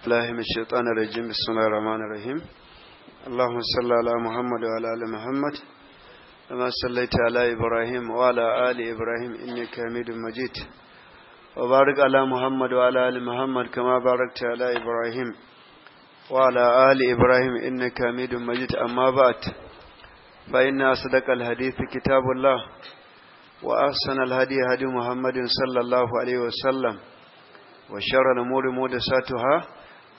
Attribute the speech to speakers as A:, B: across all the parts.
A: الله من الشيطان الرجيم بسم الله الرحمن الرحيم اللهم صل على محمد وعلى آل محمد كما صليت على إبراهيم وعلى آل إبراهيم إنك حميد مجيد وبارك على محمد وعلى آل محمد كما باركت على إبراهيم وعلى آل إبراهيم إنك حميد مجيد أما بعد فإن أصدق الحديث كتاب الله وأحسن الهدي هدي محمد صلى الله عليه وسلم وشر الأمور محدثاتها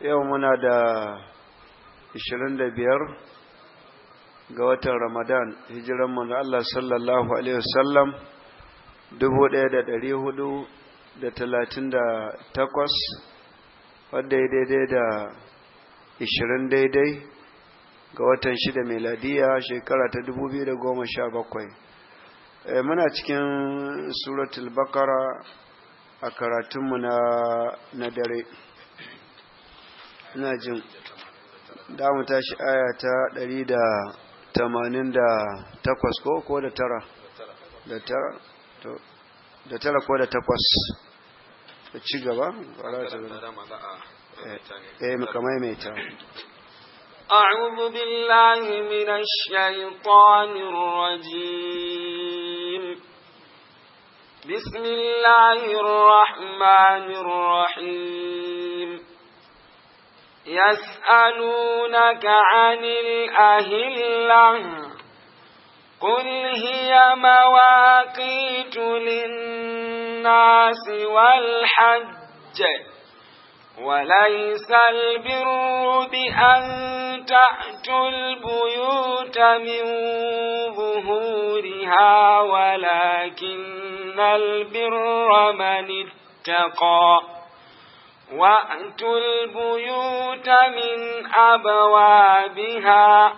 A: yau muna da 25 ga watan ramadan hijiran na Allah sallallahu alaihi wasallam 1438 wadda ya daidai da 20 daidai ga watan shida meladiya shekara ta 2017 eh, muna cikin suratul bakara a karatunmu na dare ina jin damu tashi aya ta 188 ko ko da tara da tara to da tara ko da takwas da ci gaba fara ta eh kamar mai ta
B: أعوذ بالله من الشيطان الرجيم بسم الله الرحمن الرحيم يسألونك عن الأهلة قل هي مواقيت للناس والحج وليس البر بأن تأتوا البيوت من ظهورها ولكن البر من اتقى وأتوا البيوت من أبوابها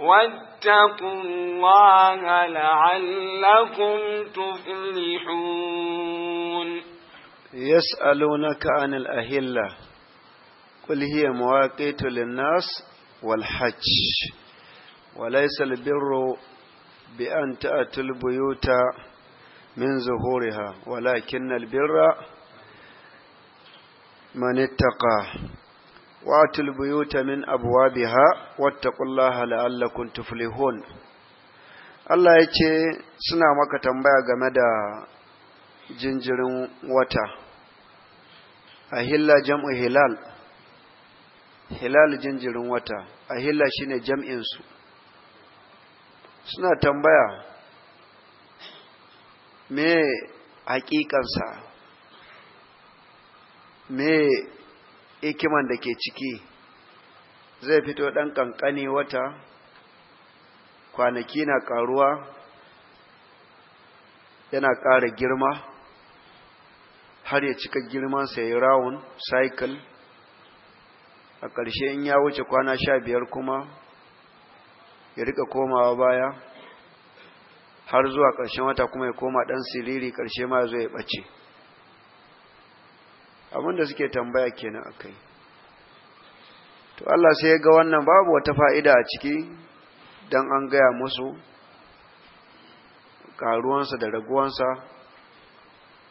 B: واتقوا الله لعلكم تفلحون
A: يسألونك عن الأهلة قل هي مواقيت للناس والحج وليس البر بأن تأتوا البيوت من ظهورها ولكن البر من اتقى واتوا البيوت من أبوابها واتقوا الله لعلكم تفلحون Allah ya ce suna maka tambaya game da jinjirin wata, a hilla jam'u hilal, hilal jinjirin wata, a hilla shi ne jam'insu. Suna tambaya me haƙiƙansa me ikiman da ke ciki zai fito ɗan ƙanƙani wata kwanaki na ƙaruwa yana ƙara girma har ya cika girmansa ya yi rawun cycle a ƙarshe in ya wuce kwana sha biyar kuma ya rika komawa baya har zuwa ƙarshen wata kuma ya koma ɗan siriri ƙarshe ma zai ya ɓace abinda suke tambaya kenan kai. to Allah sai ya ga wannan babu wata fa'ida a ciki dan an gaya musu karuwansa da raguwansa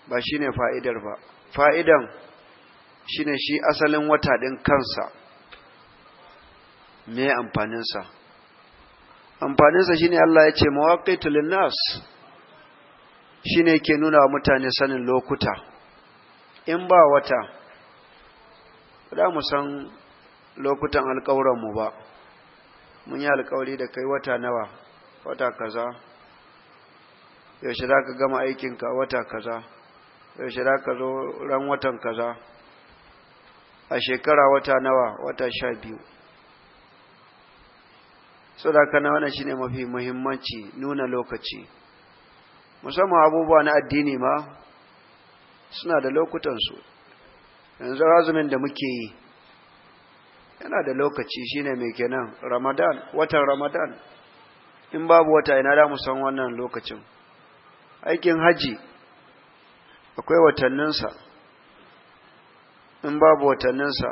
A: ba shine fa'idar ba fa'idan shine shi asalin wata din kansa me amfaninsa amfaninsa shine Allah ya ce mawaqitu linnas shine ke nuna wa mutane sanin lokuta in ba wata da mu san lokutan alkawuranmu ba mun yi alkawari da kai wata nawa wata kaza yaushe za ka gama aikinka wata kaza yaushe za ka zo ran watan kaza a shekara wata nawa wata sha biyu sadaka na wannan shine mafi muhimmanci nuna lokaci musamman abubuwa na addini ma suna da lokutansu yanzu azumin da muke yi yana da lokaci shi ne mai kenan ramadan watan ramadan in babu wata ina da san wannan lokacin aikin haji akwai watanninsa in babu watanninsa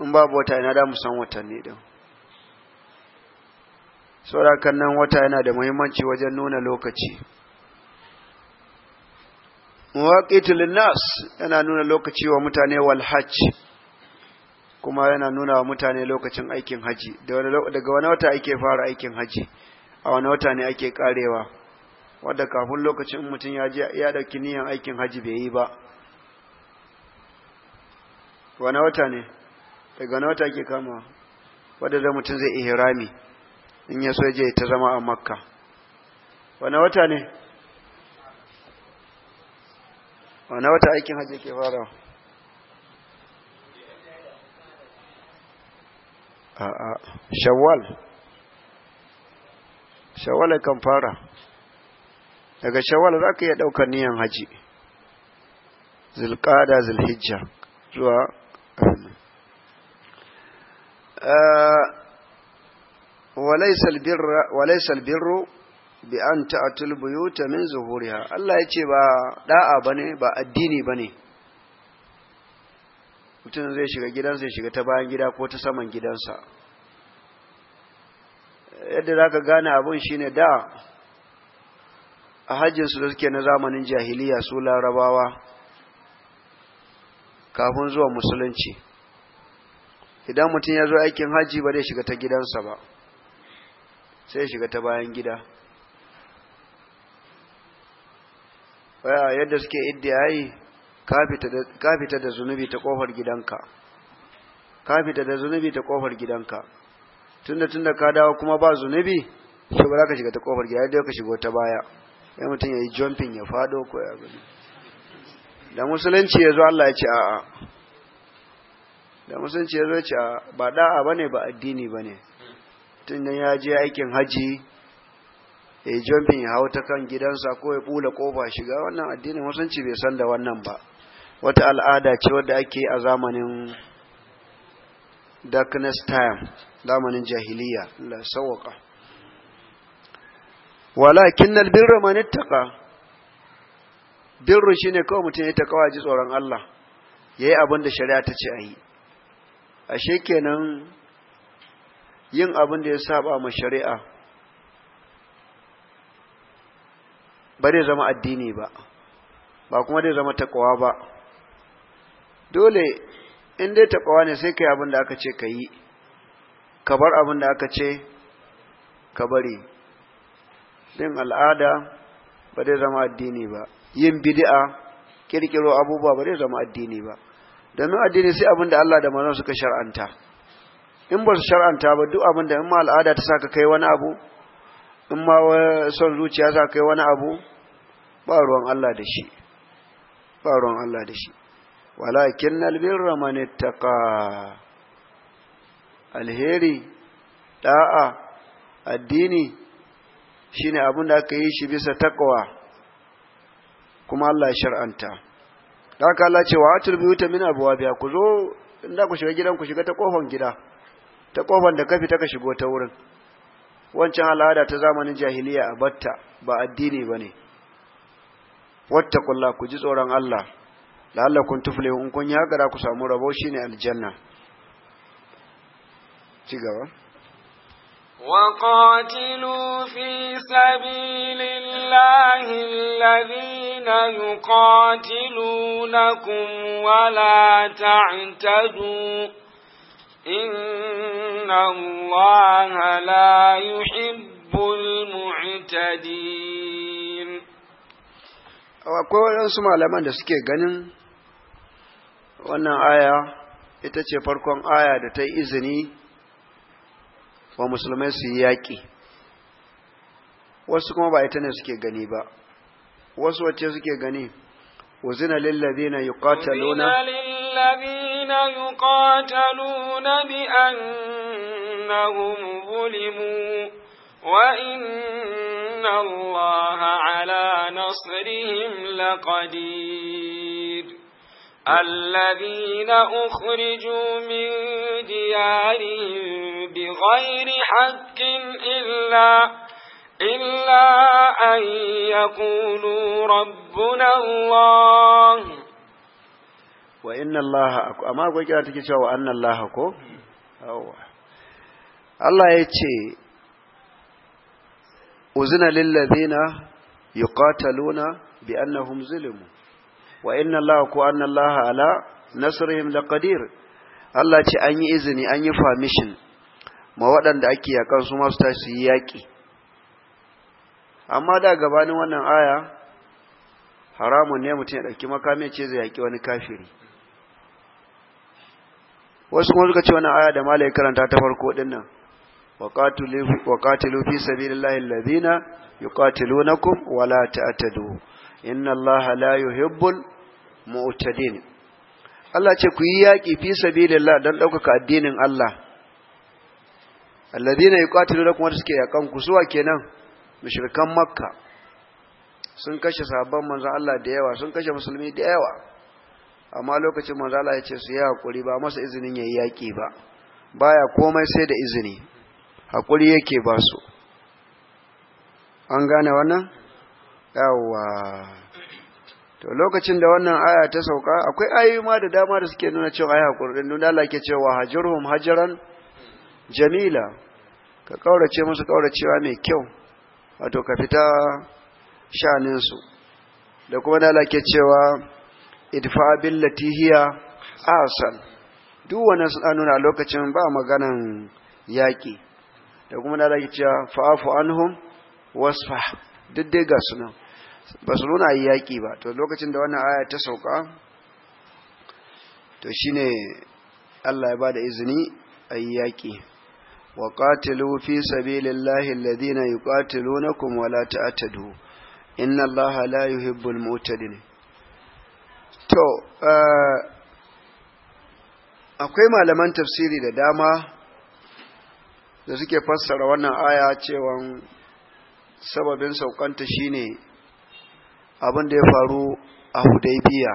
A: in babu wata ina da san watanni din saboda nan wata yana da muhimmanci wajen nuna lokaci muwaƙitu linnas yana nuna lokaci wa mutane wal hajj kuma yana nuna wa mutane lokacin aikin haji daga wani wata ake fara aikin haji a wani wata ne ake karewa wadda kafin lokacin mutum ya je ya dauki niyan aikin haji bai yi ba wani wata ne daga wani wata ake kama wadda da mutum zai ihrami in ya so je ta zama a makka wani wata ne wane wata aikin hajji ke fara a shawwal shawwal kan fara daga shawwal za ka iya ɗaukar niyan hajji zulƙada zulhijja zuwa walaisal birru bi an ta'atul buyuta min zuhuriha Allah yace ba da'a bane ba addini bane mutum zai shiga gidansa ya shiga ta bayan gida ko ta saman gidansa yadda zaka gane abun shine da a hajjin su da suke na zamanin jahiliya su larabawa kafin zuwa musulunci idan mutum ya zo aikin hajji ba zai shiga ta gidansa ba sai shiga ta bayan gida yadda suke iddiyayi ka fita da zunubi ta kofar gidanka ka fita da zunubi ta kofar gidanka tunda tunda ka dawo kuma ba zunubi to ba za ka shiga ta kofar gida dai ka shigo ta baya sai mutum ya yi jumping ya fado ko ya gudu da musulunci ya zo Allah ya ce a'a da musulunci ya zo ya ce a'a ba da'a bane ba addini bane tun nan ya je aikin haji ya jumping ya hau ta kan gidansa ko ya bula kofa shiga wannan addinin musulunci bai san da wannan ba wata al'ada ce wadda ake a zamanin darkness time zamanin jahiliya la sawaka walakin albirra man ittaqa birru shine kawai mutum ya takawa ji tsoron Allah yayi abin da shari'a ta ce ayi ashe kenan yin abin da ya saba ma shari'a ba zai zama addini ba ba kuma zai zama taƙawa ba dole in dai taƙawa ne sai kai abin da aka ce ka yi ka bar abin da aka ce ka bari din al'ada ba zai zama addini ba yin bid'a kirkiro abubuwa ba zai zama addini ba domin addini sai abin da Allah da manzon suka shar'anta in ba su shar'anta ba duk abin da in ma al'ada ta saka kai wani abu in ma son zuciya za ka kai wani abu ba ruwan Allah da shi ba ruwan Allah da shi walakin albirra man ittaqa alheri da'a addini shine abin da aka yi shi bisa takwa kuma Allah ya shar'anta da aka Allah ce wa atul biyuta min abwabiha ku zo inda ku shiga gidan ku shiga ta kofan gida ta kofan da kafi ta ka shigo ta wurin wancan al'ada ta zamanin jahiliya a batta ba addini ba ne kulla ku ji tsoron Allah kun tufle in kun yi gara ku samu rabo shine aljanna ci gaba
B: وقاتلوا في سبيل الله الذين يقاتلونكم ولا تعتدوا إن الله لا يحب المعتدين
A: akwai waɗansu malaman da suke ganin wannan aya ita ce farkon aya da ta yi izini wa musulmai su yi yaƙi wasu kuma ba ita ne suke gani ba wasu wacce suke gani uzina lillazina yuqataluna
B: الذين يقاتلون بأنهم ظلموا وإن الله على نصرهم لقدير الذين أخرجوا من ديارهم بغير حق إلا إلا أن يقولوا ربنا الله
A: wa inna allaha amma akwai kira take cewa wa anna allaha ko Allah ya ce uzina lil ladina yuqataluna bi annahum zulmu wa inna Allah ko anna Allah ala nasrihim laqadir Allah ce an yi izini an yi permission ma waɗanda ake yakan su ma su tashi yi yaƙi amma da gabanin wannan aya haramun ne mutum ya ɗauki makami ce zai yaƙi wani kafiri wasu kuma suka ce wannan aya da malai karanta ta farko din nan qatilu fi sabilillahi alladhina yuqatilunakum wa la ta'tadu inna allaha la yuhibbul mu'tadin Allah ce ku yi yaki fi sabilillah don ɗaukaka addinin Allah. Alladhina yuqatilunakum kuma suke yakan ku suwa kenan mushrikan Makka sun kashe sahabban manzon Allah da yawa sun kashe musulmi da yawa. amma lokacin manzo Allah ya ce su yi hakuri ba masa izinin yayi yaki ba baya komai sai da izini hakuri yake ba su an gane wannan yawa to lokacin da wannan aya ta sauka akwai ayoyi ma da dama da suke nuna cewa ai hakuri din nuna Allah ke cewa hajurhum hajaran jamila ka kaurace musu kauracewa mai kyau wato ka fita sha'aninsu da kuma da Allah ke cewa idfa billati hiya asal duk wannan sun nuna lokacin ba maganan yaƙi da kuma da zaki cewa fa'afu anhum wasfa duk dai ga sunan ba su nuna yi yaƙi ba to lokacin da wannan aya ta sauka to shine Allah ya bada izini a yi yaƙi wa qatilu fi sabilillahi alladhina yuqatilunakum wala ta'tadu inna allaha la yuhibbul mu'tadin to eh, akwai malaman tafsiri da dama da suke fassara wannan aya cewa sababin saukanta shine abin da ya faru a hudaybiya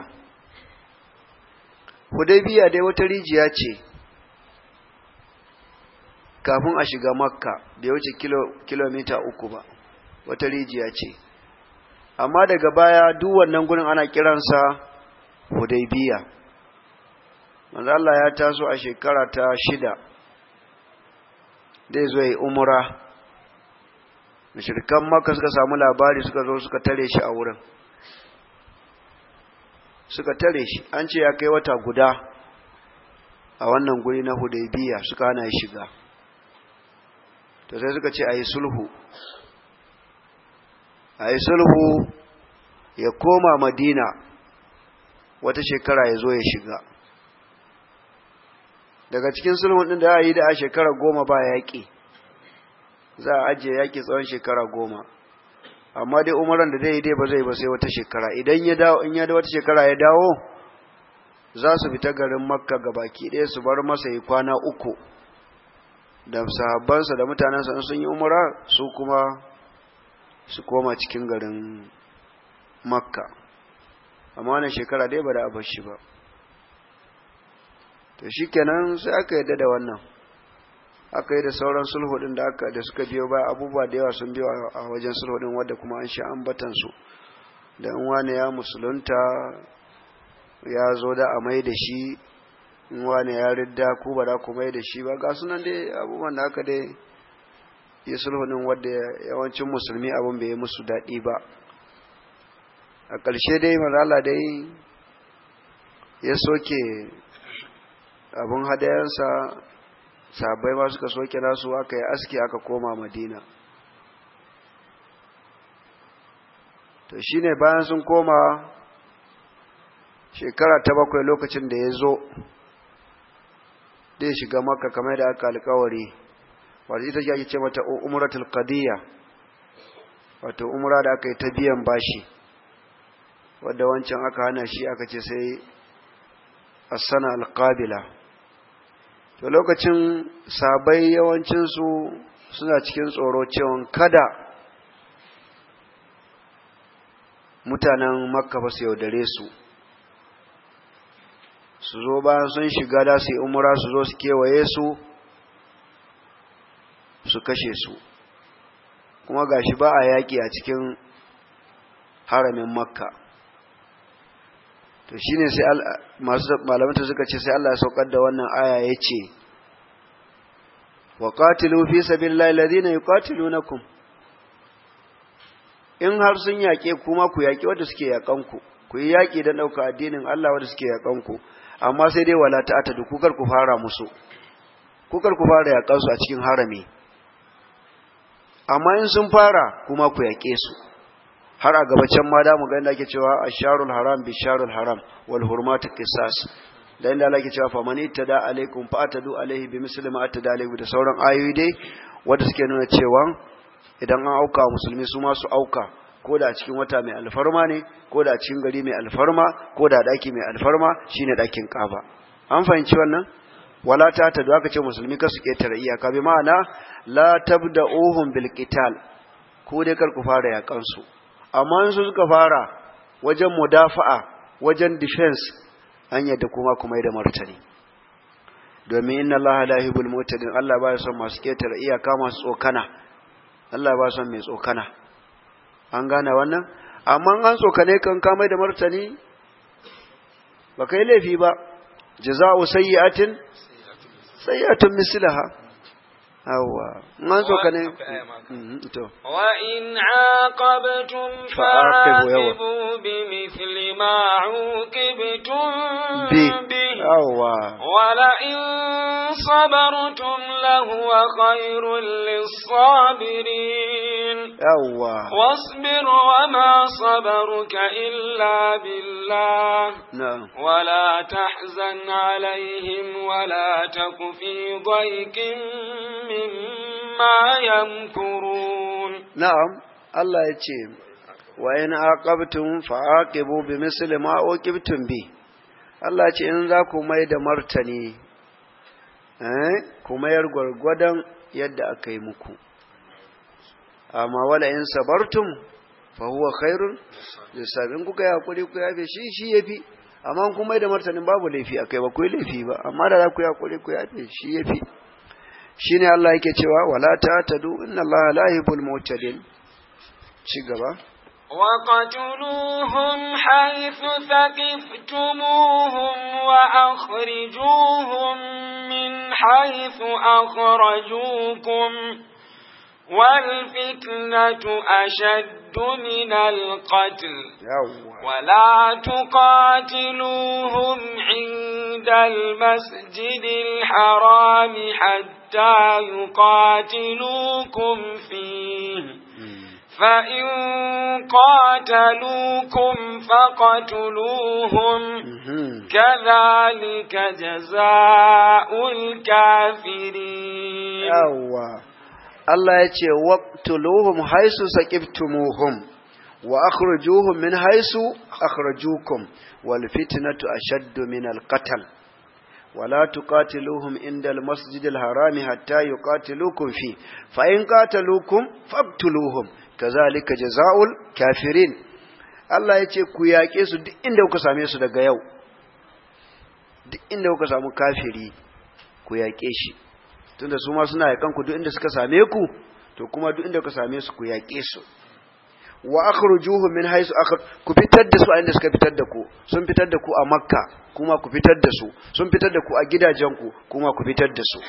A: hudaybiya dai wata rijiya ce kafin a shiga makka da ya wuce kilomita uku ba wata rijiya ce amma daga baya duk wannan gurin ana kiransa hudaybiya manzo Allah ya taso a shekara ta shida zai zo yi umra mushrikan makka suka samu labari suka zo suka tare shi a wurin suka tare shi an ce ya kai wata guda a wannan guri na hudaybiya suka hana shiga to sai suka ce a yi sulhu a yi sulhu ya koma madina wata shekara ya zo ya shiga daga cikin sulhun ɗin da a yi da a shekara goma ba yaƙi za a ajiye yaƙi tsawon shekara goma amma dai umaran da zai yi dai ba zai ba sai wata shekara idan ya dawo in ya da wata shekara ya dawo za su fita garin makka ga baki ɗaya su bar masa yi kwana uku da sahabbansa da mutanensa sun yi umara su kuma su koma cikin garin makka amma wannan shekara dai ba da abin shi ba to shikenan sai aka yadda da wannan aka yi da sauran sulhu din da aka da suka biyo ba abubuwa da yawa sun biyo a wajen sulhu din wanda kuma an sha ambatan su da in wani ya musulunta ya zo da a mai da shi in wani ya ridda ku ba da ku mai da shi ba ga sunan dai abubuwan da aka dai yi sulhu din wanda yawancin musulmi abun bai yi musu daɗi ba a ƙarshe dai marala dai ya soke abin hadayensa sabai ma suka soke nasu aka yi aski aka koma madina to shine bayan sun koma shekara ta bakwai lokacin da ya zo zai shiga maka kamar da aka alkawari wata ita ce ake ce mata umratul qadiyya wato umra da aka yi ta biyan bashi wadda wancan aka hana shi aka ce sai asana alƙabila to lokacin sabai yawancinsu suna cikin tsoro cewa kada mutanen makka ba su yaudare su su zo bayan sun shiga da su yi umura su zo su kewaye su su kashe su kuma gashi ba a yaƙi a cikin haramin makka to shine sai masu malamin ta suka ce sai Allah ya saukar da wannan aya yace wa qatilu fi sabilillahi alladhina yuqatilunakum in har sun yaƙe kuma ku yaƙe wanda suke yaƙan ku ku yi yaƙi don ɗauka addinin Allah wanda suke yaƙan ku amma sai dai wala ta'ata duk kukar ku fara musu kukar ku fara yaƙan su a cikin harami amma in sun fara kuma ku yaƙe su har a gabacin ma da mu ga inda ake cewa asharul haram bi sharul haram wal hurmatu qisas da inda Allah ke cewa fa man ittada alaikum fa atadu alaihi bi misli ma atada alaihi da sauran ayoyi dai wanda suke nuna cewa idan an auka musulmi su ma su auka ko da cikin wata mai alfarma ne ko da cikin gari mai alfarma ko da daki mai alfarma shine dakin kaba an fahimci wannan wala ta ta da aka ce musulmi kasu ketare iyaka bi ma'ana la tabda'uhum bil qital ko dai kar ku fara yakan su amma su suka fara wajen mudafa'a wajen defense an yadda kuma kuma da martani domin inna Allah la yuhibbul mutadin Allah ba ya son masu ketare iyaka masu tsokana Allah ba son mai tsokana an gane wannan amma an tsokane kan kamai da martani ba kai laifi ba jaza'u sayyi'atin sayyi'atun mislaha أو ما سو وإن عاقبتم فعاقبوا بمثل ما
C: عوقبتم
A: به ولئن
B: صبرتم لهو خير للصابرين واصبر وما صبرك إلا بالله نعم. ولا تحزن عليهم ولا تك في ضيق مما يمكرون
A: نعم الله يتشيم وإن عاقبتم فعاقبوا بمثل ما عوقبتم به Allah ce in za ku mai da martani ku mayar gwargwadon yadda aka yi muku amma wala in sabartum fa huwa khairun lissabin kuka yi hakuri ku yafe shi shi ya fi, amma kun mai da martanin babu laifi akai ba ku yi laifi ba amma da za ku yi hakuri ku yafe shi ya fi. shine Allah yake cewa wala ta'tadu inna Allah la yuhibbul mu'tadin ci gaba
B: وقتلوهم حيث ثقفتموهم وأخرجوهم من حيث أخرجوكم والفتنة أشد من القتل ولا تقاتلوهم عند المسجد الحرام حتى يقاتلوكم فيه فإن قاتلوكم فقتلوهم كذلك جزاء الكافرين
A: Allah ya ce waqtuluhum haisu saqiftumuhum wa akhrijuhum min haisu akhrajukum wal fitnatu ashaddu min al qatl ولا تقاتلوهم عند المسجد الحرام حتى يقاتلوكم فيه فإن قاتلوكم فاقتلوهم kazalika jaza'ul kafirin Allah ya ce ku yaƙe su duk inda kuka same su daga yau duk inda kuka samu kafiri ku yaƙe shi tunda su ma suna yakan ku duk inda suka same ku to kuma duk inda ku same su ku yaƙe su wa akhrujuhu min haythu ku fitar da su a inda suka fitar da ku sun fitar da ku a makka kuma ku fitar da su sun fitar da ku a gidajen ku kuma ku fitar da su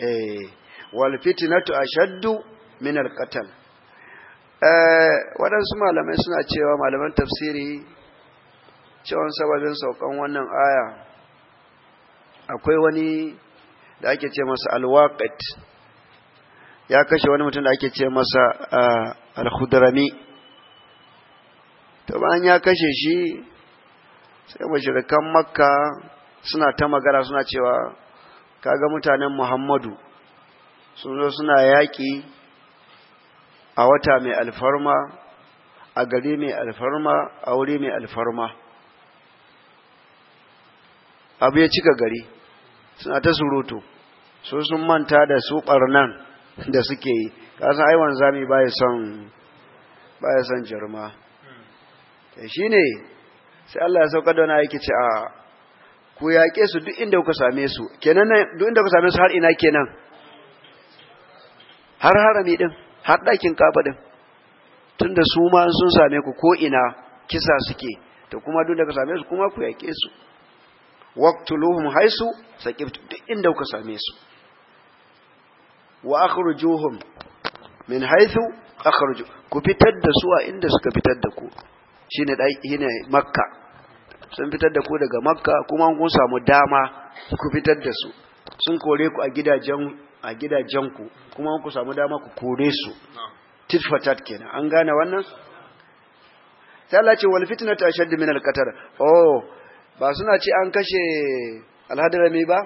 A: eh wal fitnatu ashaddu min al qatl eh waɗansu malamai suna cewa malaman tafsiri cewa sababin saukan wannan aya akwai wani da ake ce masa alwaqit ya kashe wani mutum da ake ce masa ah, alhudrami to ban ya kashe shi sai mashirikan makka suna ta magana suna cewa kaga mutanen muhammadu sun zo suna yaƙi a wata mai alfarma a gari mai alfarma a wuri mai alfarma abu ya cika gari suna ta surutu su sun manta da su ɓarnan da suke yi kasan ai wanzami baya son jirma son jarma shi ne sai Allah ya sauka da wani aiki ce a ku yaƙe su duk inda kuka same su kenan duk inda kuka same su har ina kenan har harami din har ɗakin kafa din tunda su ma sun same ku ko ina kisa suke to kuma duk da ka same su kuma ku yaƙe su waqtuluhum haisu saqibtu duk inda kuka same su wa akhrujuhum min haisu akhruju ku fitar da su a inda suka fitar da ku shine hine makka sun fitar da ku daga makka kuma kun samu dama ku fitar da su sun kore ku a gidajen a gidajen ku kuma kun samu dama ku kore su tit for tat kenan an gane wannan sai Allah ce wal fitnatu ashaddu min al qatar oh ba suna ce an kashe alhadarami ba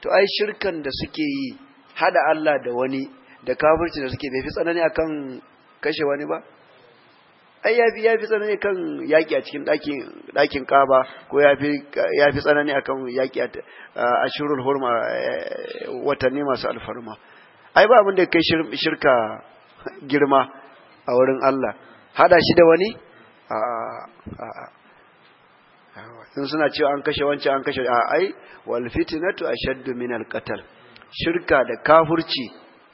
A: to ai shirkan da suke yi hada Allah da wani da kafirci da suke bai fi tsanani akan kashe wani ba ai ya fi ya fi tsanani kan yaƙi a cikin ɗakin dakin kaba ko ya fi ya fi tsanani akan yaƙi a ashurul hurma eh, watanni masu alfarma ai ba abin da kai shirka girma a wurin Allah hada shi da wani a'a a'a sun suna cewa an kashe wancan an kashe a ai wal fitnatu ashaddu min al qatl shirka da kafurci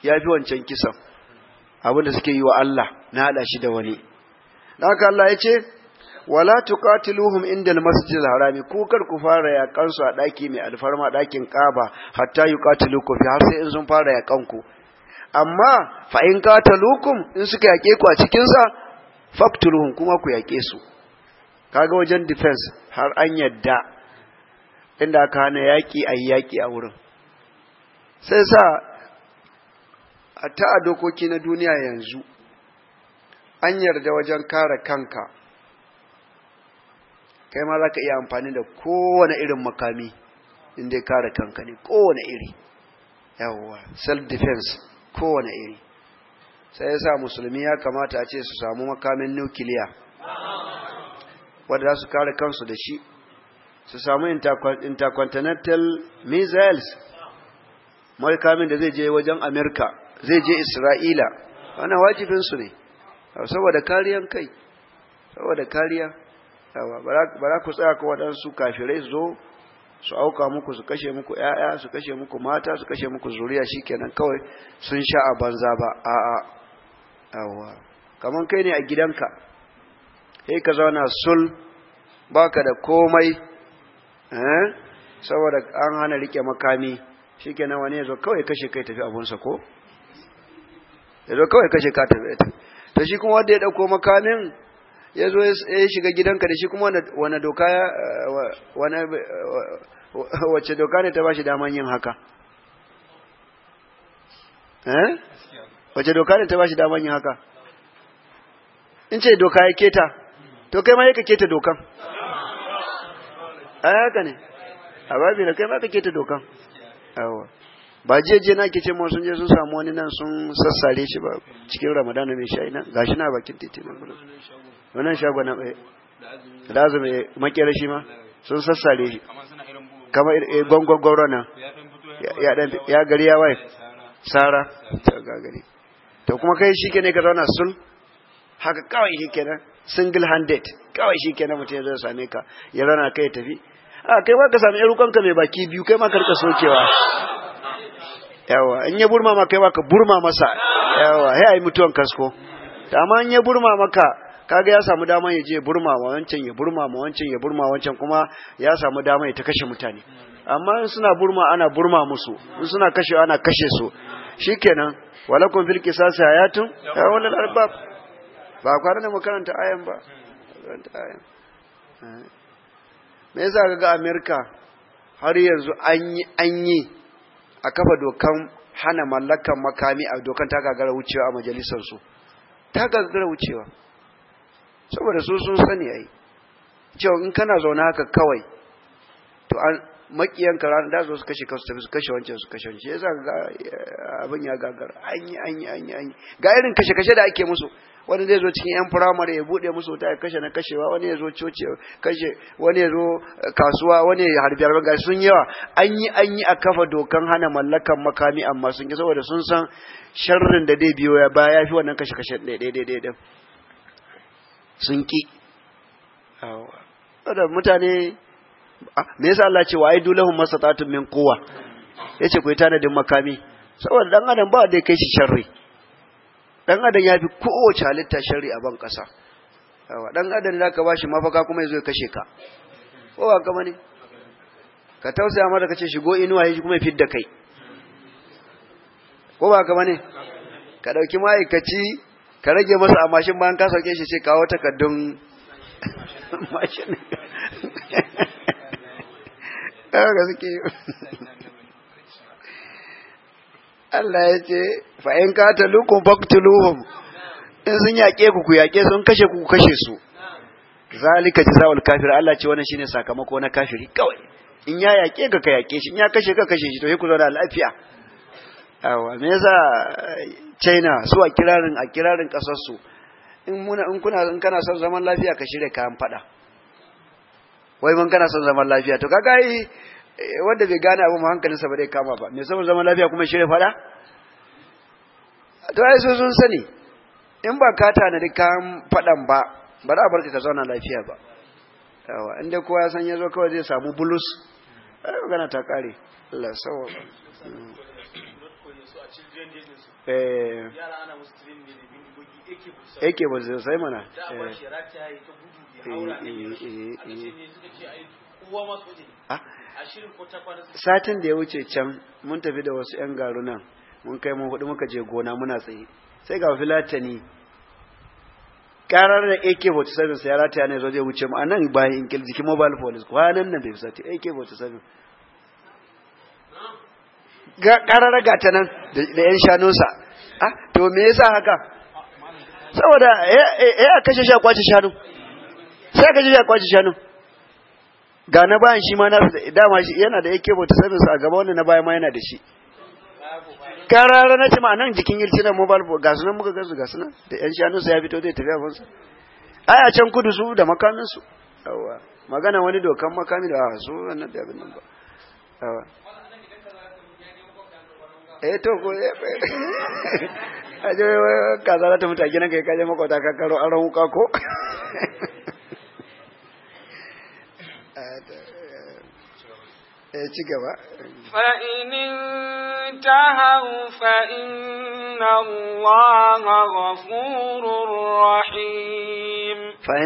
A: yafi wancan kisan abinda suke yi wa Allah na hada shi da wani haka Allah yace wala tuqatiluhum inda al masjid al harami ku kar ku fara yakan su a daki mai alfarma dakin kaba hatta yuqatiluku fi har sai in sun fara yakan ku amma fa in qatalukum in suka yake ku a cikin sa faktuluhum kuma ku yake su kaga wajen defense har an yadda inda aka hana yaƙi a yaƙi a wurin sai sa a ta dokoki na duniya yanzu an yarda wajen kare kanka kai ma za ka iya amfani da kowane irin makami inda ya kare kanka ne kowane iri yawwa self-defense kowane iri sai ya sa musulmi ya kamata a ce su samu makamin nukiliya wadda za su kare kansu da shi su samu intercontinental missiles makamin da zai je wajen amerika zai je isra'ila wajibin wajibinsu ne saboda kariyan kai saboda kariya ba za ku tsaya ko waɗansu kafirai zo su auka muku su kashe muku ‘ya'ya su kashe muku mata su kashe muku zuriya shikenan kawai sun sha a banza ba a'a a kamar kai ne a gidanka sai ka zauna sul ka da komai eh? saboda an hana rike makami shi ke nan wani zo kawai kashe kai tafi abunsa ko ya zo kawai kashe ka tafi Ta shi kuma wanda ya dauko makamin ya zo ya shiga gidanka da shi kuma wani doka ya eh, eh, wacce doka ne ta bashi daman yin haka wace doka ne ta bashi daman yin haka in ce doka ya keta to kai ma yake keta dokan a haka ne a babi da kai ma ka keta dokan yawa ba je je na ke ce sun je sun samu wani nan sun sassare shi ba cikin ramadana mai shayi nan gashi na bakin titi nan gudu wannan shago na bai eh, da azumi eh, makera shi ma sun sassare shi kamar eh, gongon goro nan ya gari ya waye sara ta gagari to kuma kai shi ke ne ka zauna sul haka kawai shi kenan single handed kawai shi kenan mutum zai same ka ya rana kai tafi a kai ma ka sami yarukan ka mai baki biyu kai ma karka sokewa yawa in ya burma ma kai ma ka burma masa yawa ya yi mutuwan kasko amma in ya burma maka kaga ya samu dama ya je burma ma wancan ya burma ma wancan ya burma wancan kuma ya samu dama ya ta kashe mutane amma in suna burma ana burma musu in suna kashe ana kashe su shikenan walakum fil qisas hayatun ya walal albab ba a kwanan da makaranta ayan ba makaranta ayan eh. me yasa ga amerika har yanzu an yi a kafa dokan hana mallakan makami a dokan ta gagara wucewa a majalisarsu ta gagara wucewa saboda su sun sani ai cewa in kana zaune haka kawai to an makiyan kara da zo su kashe kansu tafi su kashe wancan su kashe wancan yasa ga eh, abin ya gagara an yi an yi an yi ga irin kashe kashe da ake musu wani zai zo cikin yan firamare ya bude musu wuta ya kashe na kashewa wani ya zo coci kashe wani ya zo eh, kasuwa wani ya harbi harbi ga sun yawa an yi an yi a kafa dokan hana mallakan makami amma sun yi saboda sun san sharrin da dai biyo ya baya fi wannan kashe kashe ɗaya daidai din sun ki da mutane me yasa Allah ce wa aidu lahum masatatun min kowa yace ku yi tanadin makami saboda dan adam ba da kai shi sharri dan adam ya fi kowace halitta shari a ban kasa yawa dan adam da ka bashi mafaka kuma yazo ya kashe ka ko ba ka bane ka tausaya mata kace shigo inuwa yaji kuma ya fidda kai ko ba ka bane ka dauki ma'aikaci ka rage masa a mashin bayan ka sauke shi ce kawo takaddun mashin ka ga suke Allah ya ce fa in qataluukum faqtuluhum in sun yaƙe ku ku yaƙe sun kashe ku kashe su zalika jazaul kafir Allah ce wannan shine sakamako na kafiri kawai in ya yaƙe ka ka yaƙe shi in ya kashe ka kashe shi to sai ku zauna lafiya awa me yasa eh, China su a kirarin a kirarin kasar su in muna in kuna in kana son zaman lafiya ka shirya kayan fada wai mun kana son zaman lafiya to kaga Eh, wanda bai gane abin hankalinsa ba dai kama ba me saboda zaman lafiya kuma shirya fada to ai sun sani in ba ka tanadi kan fadan ba ba za a barka ka zauna lafiya ba yawa inda kowa ya san ya zo kawai zai samu bulus ai eh, magana ta kare Allah sawa ba eh yake ba zai sai mana satin da ya wuce can mun tafi da wasu 'yan garunan mun kai mun hudu muka je gona muna tsaye sai ga filatani karar da AK47 ya rata ne zo zai wuce mu nan bayan inkil jikin mobile police kwanan nan bai sati AK47 ga karar ga ta nan da yan shanunsa ah to me yasa haka saboda ya eh, eh, eh, kashe shi a kwace shanu sai kashe shi a kwace shanu ga na bayan shi ma na dama shi yana da yake bauta sabin su a gaba wanda na bayan ma yana da shi karara na ce ma nan jikin yirci na mobile phone ga sunan muka gasu ga sunan da yan shanun su ya fito zai tafi abin su ai a can kudu su da makamin su yawa magana wani dokan makami da ah, su wannan da abin nan ba yawa eh to ko eh aje kazara ta mutaki nan kai kaje makwata kakaro karo an rahuka ko ci gaba
B: fa'in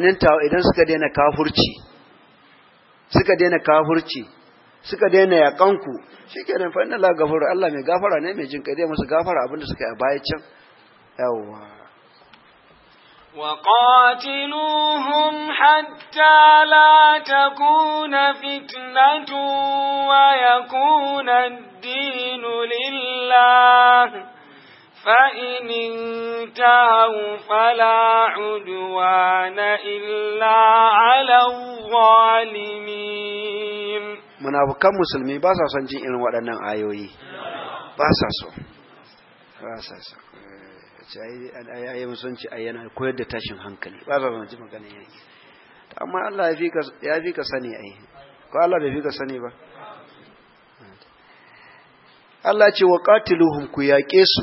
A: idan suka daina kafurci suka daina kafurci suka daina yakanku shikenan fa'in Allah Allah mai gafara ne mai kai dai musu gafara abinda suka yi a can yawwa
B: وقاتلوهم حتى لا تكون فتنة ويكون الدين لله فإن انتهوا فلا عدوان إلا على
A: الظالمين munafukan musulmi ba sa son jin irin waɗannan ayoyi ba sa so ba sa so ai musulunci ai yana koyar da tashin hankali ba ba ban ji magana yake amma Allah ya fi ka ya fi ka sani ai ko Allah bai fi ka sani ba Allah ce wa qatiluhum ku yaƙe su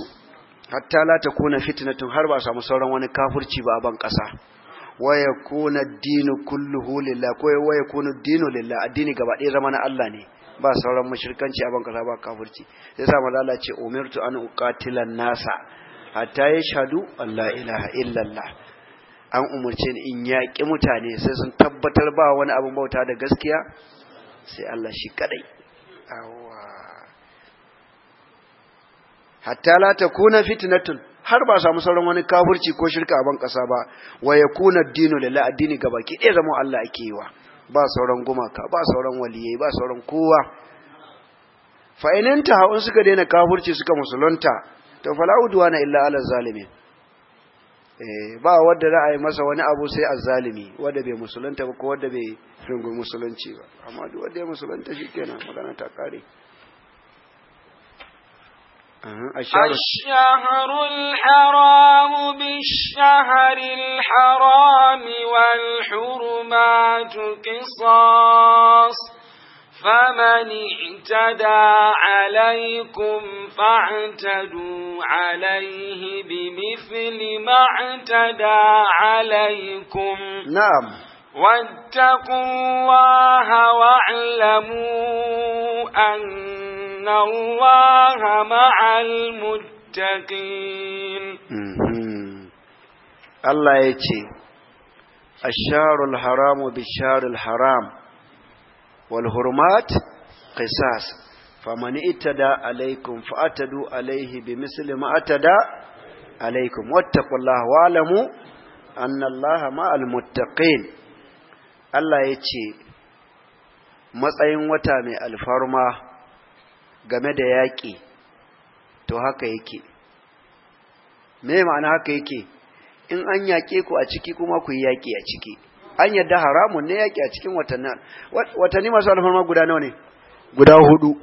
A: hatta la takuna fitnatun har ba samu sauran wani kafirci ba a ban ƙasa wa yakuna ad-dinu kulluhu lillah ko wa yakuna ad-dinu lillah addini gaba ɗaya zama na Allah ne ba sauran mushrikanci a ban ƙasa ba kafirci sai sa malala ce umirtu an uqatila nasa hatta ya shahadu Allah ilaha illallah an umarce ni in yaƙi mutane sai sun tabbatar ba wani abin bauta da gaskiya sai Allah shi kadai hatta la kuna fitnatun har ba samu sauran wani kafirci ko shirka a ban kasa ba wa yakuna dinu lillahi addini gabaki ɗaya zama Allah ake yi wa ba sauran gumaka ba sauran waliyai ba sauran kowa fa'inanta in suka daina kafirci suka musulunta to fala udwana illa ala zalimin eh ba wanda za a yi masa wani abu sai azzalimi wanda bai musulunta ba ko wanda bai rungun musulunci ba amma duk wanda ya musulunta shikenan magana ta kare الشهر
B: الحرام بالشهر الحرام والحرمات قصاص فمن اعتدى عليكم فاعتدوا عليه بمثل ما اعتدى عليكم نعم واتقوا الله واعلموا أن الله مع المتقين
A: الله يجي الشهر الحرام بالشهر الحرام wal hurmat qisas faman ittada alaikum fa'tadu alaihi bimithli ma atada alaikum wattaqullaha wa'lamu anna allaha ma'al muttaqin Allah yace matsayin wata mai alfarma game da yaƙi to haka yake me ma'ana haka yake in an yaƙe ku a ciki kuma ku yi yaƙi a ciki an yadda haramun ne yaƙi a cikin watannin watanni masu alfarma guda nawa ne guda hudu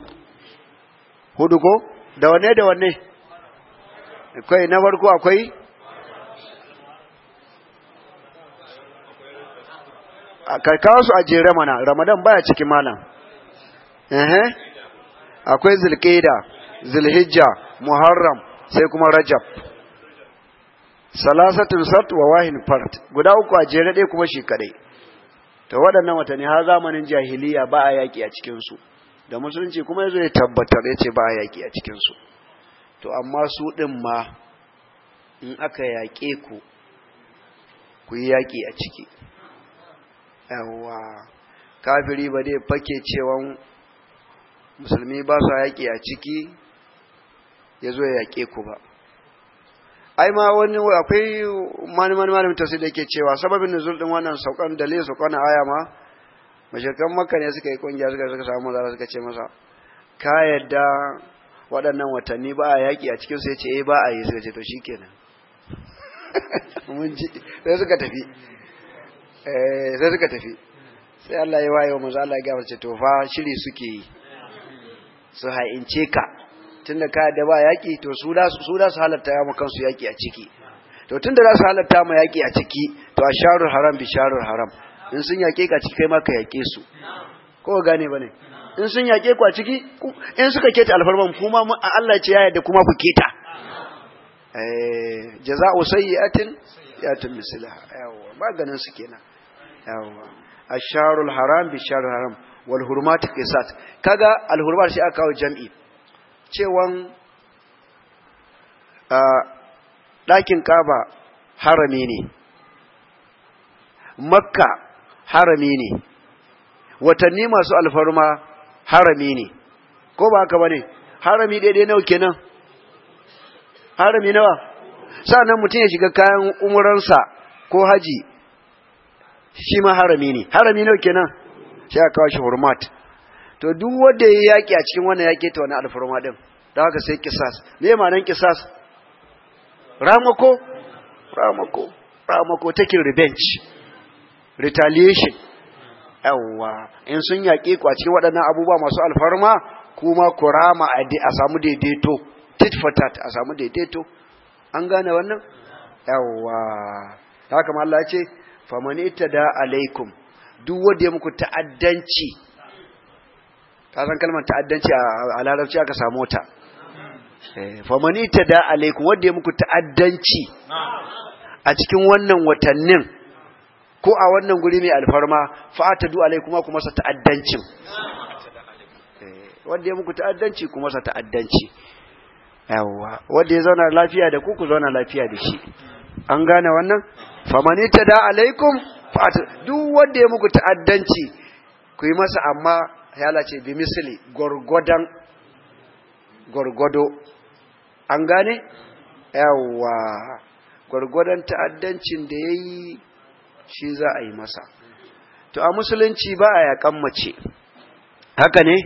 A: hudu ko da wanne da wanne akwai na farko akwai karkawa su a jere mana ramadan baya cikin malam akwai zilkida zilhijja muharram sai kuma rajab salasatun sat wa wahin fart guda uku a jere ɗaya kuma shi kadai to waɗannan watanni har zamanin jahiliya ba a yaƙi a cikin da musulunci kuma yazo ya tabbatar ya ce ba a yaƙi a cikin to amma su ɗin ma in aka yaƙe ku ku yi yaƙi a ciki yawwa kafiri ba dai fake cewa musulmi ba su yaƙi a ciki ya zo ya yaƙe ku ba ai ma wani akwai mani mani mani tafsir da yake cewa sababin nuzul din wannan saukan dalilin saukan aya ma mashirkan makka ne suka yi kungiya suka suka samu zara suka ce masa ka yadda waɗannan watanni ba a yaƙi a cikin su ya ce eh ba a yi suka ce to shikenan mun ji sai suka tafi eh sai suka tafi sai Allah ya wayo manzo Allah ya gafarta to fa shiri suke yi su ha'ince ka tunda ka da ba yaƙi to su da su halatta ya su yaƙi a ciki to tunda za su halatta ma yaƙi a ciki to a sharul haram bi sharul haram in sun yaƙe ka ciki kai ma ka yaƙe su ko gane bane in sun yaƙe ku a ciki in suka keta alfarman kuma Allah ce ya yadda kuma ku keta eh jaza'u sayyi'atin yatun mislaha yawa maganin su kenan yawa asharul haram bi sharul haram wal hurmat qisat kaga al hurmat shi aka kawo jam'i cewan ɗakin kaba harami ne makka harami ne watanni masu alfarma harami ne ko ba haka ba ne harami daidai nawa kenan harami nawa sa'annan mutum ya shiga kayan umuransa ko haji shi ma harami ne harami nawa kenan shi a kawo shi hurmat to duk wanda ya yaki a cikin wannan yaƙi ta wani alfarma din da haka sai kisas me ma'anar kisas ramako ramako ramako take revenge retaliation yawwa in sun yaƙi ku a cikin waɗannan abubuwa masu alfarma kuma ku rama a samu daidaito tit for tat a samu daidaito an gane wannan yawwa ta kama Allah ce ce faman da alaikum duk wanda ya muku ta'addanci ka san kalmar ta'addanci a larabci aka samu ta eh, famani ta da alaikum wanda ya muku ta'addanci a cikin wannan watannin ko a wannan guri mai alfarma fa'ata du alaikuma kuma sa ta'addancin eh, wanda ya muku ta'addanci kuma sa ta'addanci yawwa wanda ya zauna lafiya da ku ku zauna lafiya da shi an gane wannan famani ta da alaikum duk wanda ya muku ta'addanci ku yi masa amma hala ce bi misali gwargwadon gwargwado an gane yawa gwargwadon ta'addancin da ya yi shi za a yi masa to a musulunci ba a yakan mace haka ne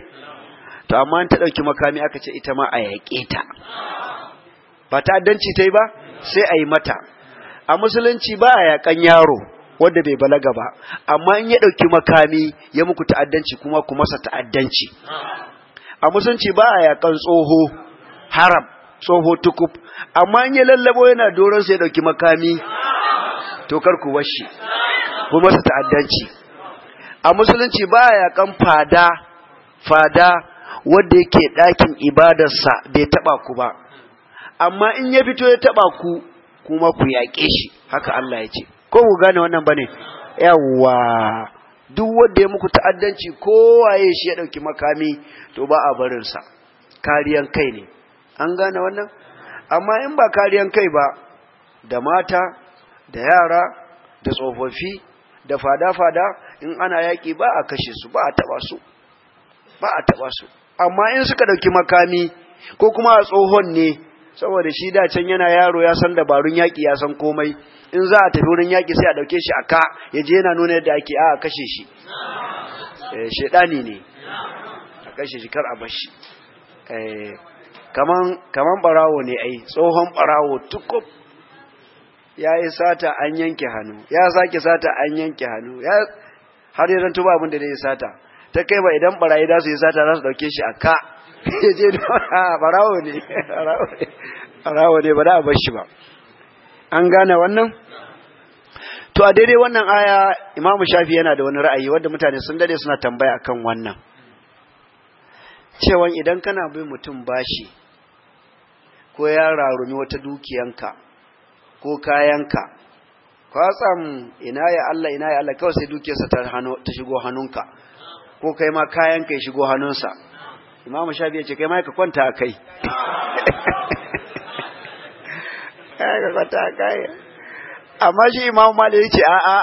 A: to amma ta ɗauki makami aka ce ita ma a yaƙe ta ba ta'addanci ta yi ba sai a yi mata a musulunci ba a yakan yaro wanda bai balaga ba amma in ya ɗauki makami ya muku ta'addanci kuma ku masa ta'addanci a musanci ba a yakan tsoho haram tsoho tukub amma in ya lallabo yana doron sai ya ɗauki makami to kar ku washi ku masa ta'addanci a musulunci ba a yakan fada fada wanda yake ɗakin ibadarsa bai taɓa ku ba amma in ya fito ya taɓa ku kuma ku yaƙe shi haka Allah ya ce ko ku gane wannan bane yawa duk wanda ya muku ta'addanci kowaye shi ya ɗauki makami to ba a barinsa. sa kariyan kai ne an gane wannan amma in ba kariyan kai ba da mata da yara da tsofaffi da fada-fada in ana yaki ba a kashe su ba a taba su ba a taba su amma in suka ɗauki makami ko kuma a tsohon ne saboda shi da can yana yaro ya san dabarun yaƙi ya san komai in za a tafi wurin yaƙi sai a ɗauke shi a ka ya je yana nuna yadda ake a kashe shi eh, shaidani ne a kashe shi kar a bar shi eh, kaman kaman barawo ne ai tsohon barawo tukub ya yi sata an yanke hannu ya sake sata an yanke hannu ya har yanzu ba abin da zai sata ta kai ba idan barayi da su yi sata za su ɗauke shi a ka ya je barawo ah, ne barawo ne ba da a bar shi ba an gane wannan to a daidai wannan aya imamu shafi yana da wani ra'ayi wanda mutane sun dade suna tambaya akan wannan cewan idan kana bin mutum bashi ko ya rarumi wata dukiyanka ko kayanka kwatsam ina ya Allah ina ya Allah kawai sai dukiyarsa ta shigo hannunka ko kai ma kayanka ya shigo hannunsa imamu shafi ya ce kai ma ka kwanta a kai ka kwanta a kai amma shi imamu malik ya ce a'a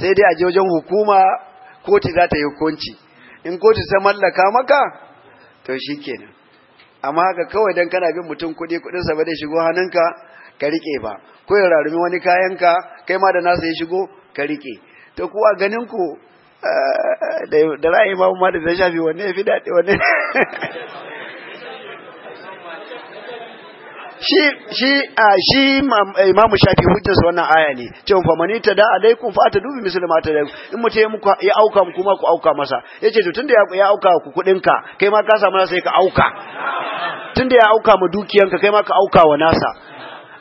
A: sai dai a je wajen hukuma koti za ta yi hukunci in koti ta mallaka maka to shi kenan amma haka kawai dan kana bin mutum kuɗi kuɗin sa ba zai shigo hannunka ka rike ba ko ya rarumi wani kayanka kai ma da nasa ya shigo ka rike to kuwa ganin ku Eh, da ra'ayi imamu ma da shafi wanne ya fi daɗi wanne shi shi a shi eh, imamu shafi hujjar su wannan aya ne ce fa mani ta da alaikum fa ta dubi musulma ta da in mu ya muku ya auka mu kuma ku auka masa yace to tunda ya auka ku kudin ka kai ma ka samu sai ka auka tunda ya auka mu dukiyanka kai ma ka auka wa nasa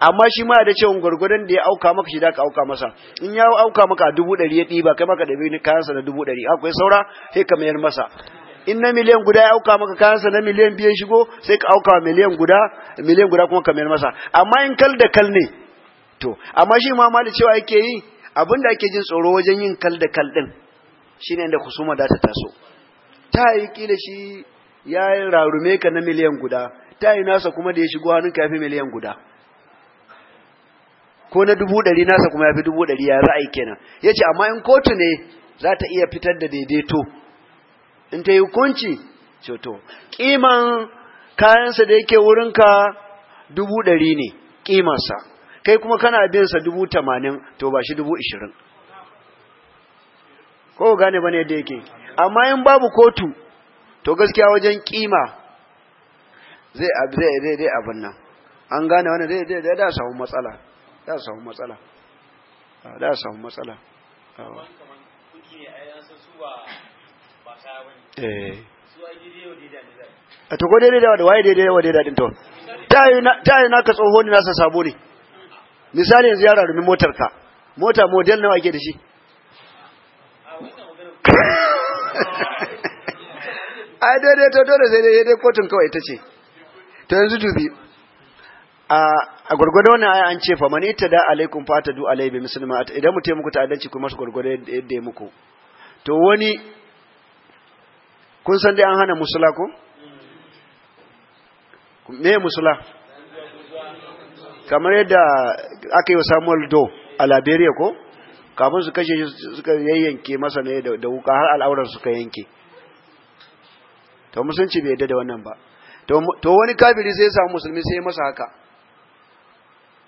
A: amma shi ma da cewa gwargwadon da ya auka maka shi da ka auka masa in ya auka maka dubu ɗari ya ɗiba kai maka ɗabi kayansa na dubu ɗari akwai saura sai ka mayar masa in na miliyan guda ya auka maka kayansa na miliyan biyan shigo sai ka auka miliyan guda miliyan guda kuma ka mayar masa amma in kal da kal ne to amma shi ma mali cewa yake yi abin da ake jin tsoro wajen yin kal da kal din shine inda kusuma da ta taso ta yi kila shi ya rarume ka na miliyan guda ta yi nasa kuma da ya shigo hannun ka ya fi miliyan guda ko na dubu ɗari nasa kuma ya fi dubu ɗari ya za a yi kenan ya ce amma in kotu ne za ta iya fitar da daidaito in ta yi hukunci ceto ƙiman kayansa da yake wurinka dubu ɗari ne ƙimansa kai kuma kana binsa dubu tamanin to ba shi dubu ishirin ko gane ba ne da yake amma in babu kotu to gaskiya wajen ƙima zai abin nan an gane wani zai da samu matsala da samu matsala da ah, samu matsala a to ko daidai da waye daidai da wadai dadin to ta yi naka tsoho ne nasa sabo ne misali yanzu yara domin motar ka mota model nawa ake da shi a daidai to dole sai daidai kotun kawai ta ce ta yanzu dubi a gwargwado ne aya an ce fa mani ta da alaikum ta du alaihi muslima idan mutum muku ta'addanci kuma su gwargwado yadda ya muku to wani kun san dai an hana musula ko me musula kamar yadda aka yi wa Samuel Do a Liberia ko kafin su kashe suka yayyanke masa ne da wuka har al'aurar suka yanke to musulunci bai yadda da wannan ba to wani kafiri sai ya samu musulmi sai ya masa haka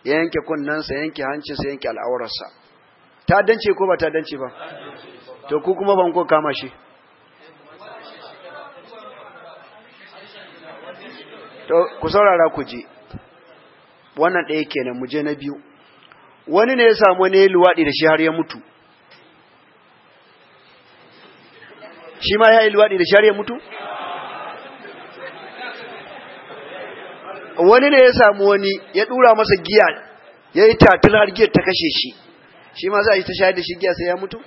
A: ya yanke kunnensa yanke hancinsa yanke al'aurarsa ta dance ko ba ta dance ba to ku kuma ban ko kama shi to ku saurara ku ji wannan ɗaya kenan mu je na biyu wani ne ya samu ne luwaɗi da shi har ya mutu shi ma ya yi luwaɗi da shi har ya mutu wani ne ya samu wani ya dura masa giya ya yi tatil har giyar ta kashe shi shi ma za a yi ta shayar da shi giya sai ya mutu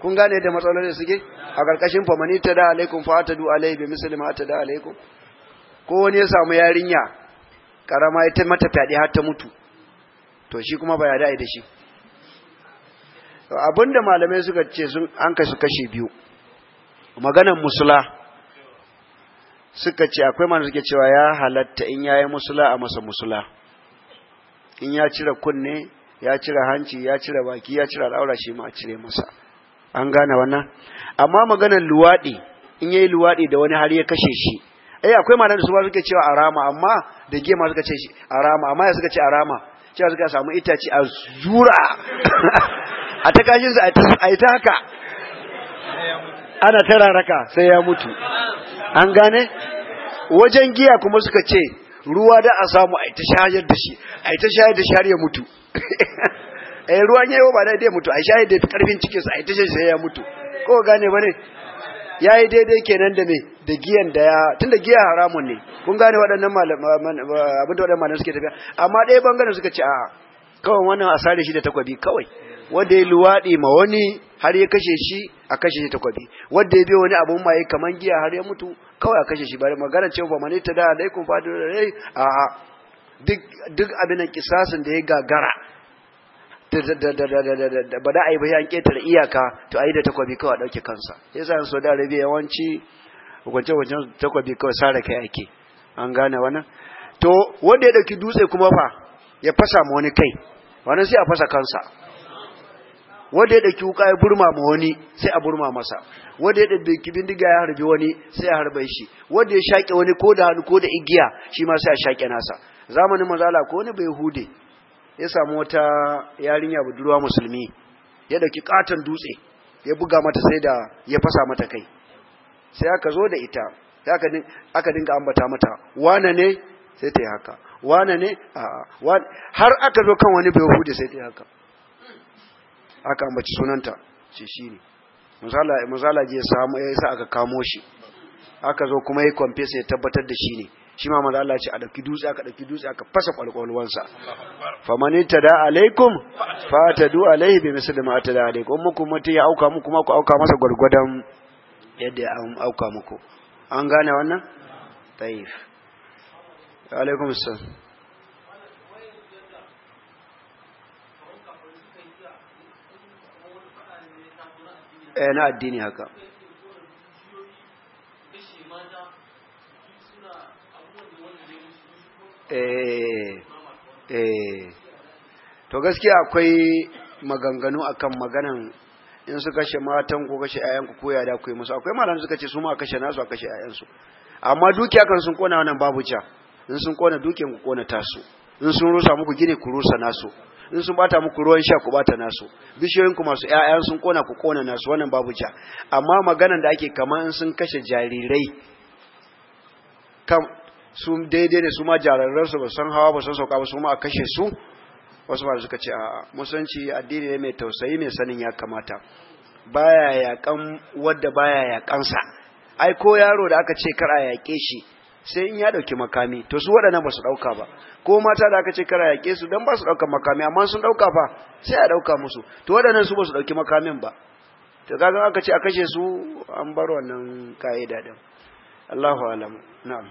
A: kun gane da matsalar da suke a ƙarƙashin famani ta da alaikum fa ta du alai bi muslima ta da alaikum ko wani ya samu yarinya karama ya mata fyaɗe har ta mutu to shi kuma ba ya da shi abinda malamai suka ce sun an kashe biyu maganar musula suka ce akwai mana suke cewa ya halatta in yayi musula a masa musula in ya cire kunne ya cire hanci ya cire baki ya cire al'aura shi ma a cire masa an gane wannan amma maganar luwaɗi in yayi luwaɗi da wani har ya kashe shi eh akwai malaman su ba suke cewa arama amma da gema suka ce shi arama amma ya suka ce arama cewa suka samu itace a zura a ta kashin su a ta haka ana raka sai ya mutu an gane wajen giya kuma suka ce ruwa da a samu a ta shayar da shi a ta shayar da shari'a mutu yi eh, ruwan yayi ba daidai mutu a shayar da karfin cikin sa a ta shayar ya mutu ko gane ba ne ya yi daidai kenan da me da giyan da ya tun da giya haramun ne kun gane waɗannan malaman abin da waɗannan malaman suke tafiya amma ɗaya bangaren suka ce a kawai wannan asali shi da takwabi kawai wanda ya luwaɗi ma wani har ya kashe shi a kashe shi takwabi wanda ya biyo wani abun maye kaman giya har ya mutu kawai a kashe shi bari magana cewa mani ta da alaikum fadu rai a duk duk abin kisasin da ya gagara ba da a yi bayan ketare iyaka to a yi da takwabi kawai a ɗauke kansa ya sa so da arabiya yawanci hukunce-hukuncen takwabi kawai sare kai ake an gane wannan to wanda ya ɗauki dutse kuma fa ya fasa ma wani kai wannan sai a fasa kansa wanda ya ɗauki wuka ya burma ma wani sai a burma masa wanda ya ɗauki bindiga ya harbi wani sai a harbe shi wanda ya shaƙe wani ko da hannu ko da igiya shi ma sai a shaƙe nasa zamanin mazala ko wani bai hude ya samu wata yarinya budurwa musulmi ya ɗauki katon dutse ya buga mata sai da ya fasa mata kai sai aka zo da ita aka dinga ambata mata wane ne sai ta yi haka wane ne a'a har aka zo kan wani bai hude sai ta yi haka aka ambaci sunanta ce shi ne mazala je samu ya isa aka kamo shi aka zo kuma ya kwamfesa ya tabbatar da shi ne shi ma mazala ce a ɗauki dutse aka ɗauki dutse aka fasa kwalkwalwansa famani ta da alaikum fa ta du alaihi bai misali ma ta da alaikum muku mutu ya auka muku ma ku auka masa gwargwadon yadda ya auka muku an gane wannan taif alaikum salam eh na addini haka eh eh to gaskiya akwai maganganu akan maganan in su kashe matan ko kashe ayan ku koya da ku yi musu akwai malaman suka ce su ma kashe nasu a kashe ayan su amma dukiya kan sun kona wannan babu ja in sun kona dukiyan ku kona tasu in sun rusa muku gine ku rusa nasu in sun bata muku ruwan sha ku bata nasu bishiyoyin ku masu ƴaƴan sun kona ku kona nasu wannan babu ja amma maganan da ake kamar in sun kashe jarirai kam su daidai ne su ma jariran su ba san hawa ba san sauka ba su ma a kashe su wasu ba suka ce a musanci addini ne mai tausayi mai sanin ya kamata baya yakan wadda baya yakansa ai ko yaro da aka ce kar a yaƙe shi sai in ya dauki makami to su waɗannan ba su dauka ba ko mata da aka ce kara yake su dan ba su dauka makami amma sun dauka fa sai a dauka musu to waɗannan su ba su dauki makamin ba to kaga aka ce a kashe su an bar wannan kaida din Allahu alam na'am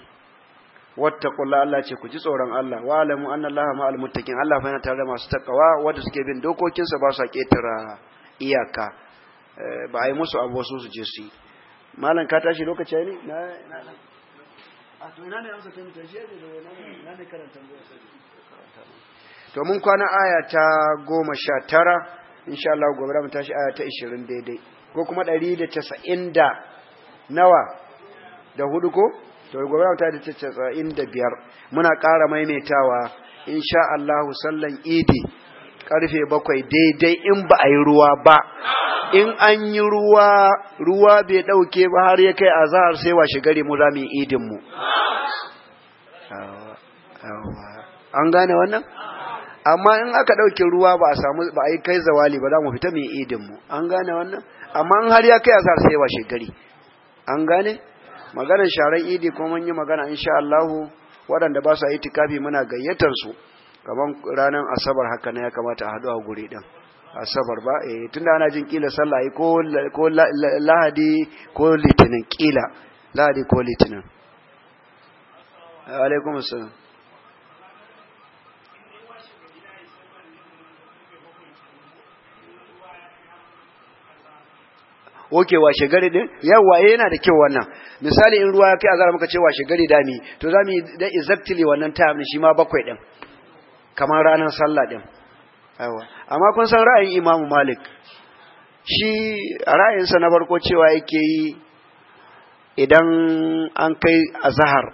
A: wattaqullaha Allah ce ku ji tsoron Allah wa alamu anna Allah ma'al muttaqin Allah fa yana tare da masu takawa wanda suke bin dokokinsa ba su ketara iyaka eh, ba a yi musu abu su je su yi malam ka tashi lokaci ne na a to ina ne amsa kan ta shi da wannan ina ne karanta mu to mun kwana aya ta 19 insha Allah gobe za mu tashi aya ta 20 daidai ko kuma 190 da nawa da hudu ko to gobe za mu tashi ta biyar. muna ƙara maimaitawa insha Allah sallan idi karfe bakwai daidai in ba a yi ruwa ba in an yi ruwa ruwa bai ɗauke ba har ya kai azahar sai shi gari mu za mu yi idinmu an gane wannan amma in aka ɗauke ruwa ba a samu ba a yi kai zawali ba za mu fita mu yi idinmu an gane wannan amma in har ya kai azahar sai shi gari an gane maganar sharan idi ko mun yi magana insha Allah waɗanda ba su yi tikafi muna gayyatar su kaman ranar asabar haka ne ya kamata a haɗu a guri ɗin asabar ba eh tunda ana jin kila sallah ko ko lahadi ko litinin kila lahadi ko litinin alaikum assalam oke washe gari din yawa eh, yana da kyau wannan misali in ruwa kai azara muka ce washe gari dami to zamu da exactly wannan time shi ma bakwai din kamar ranar sallah din yawa amma kun san ra'ayin imamu malik shi ra'ayinsa na farko cewa yake yi idan an kai azahar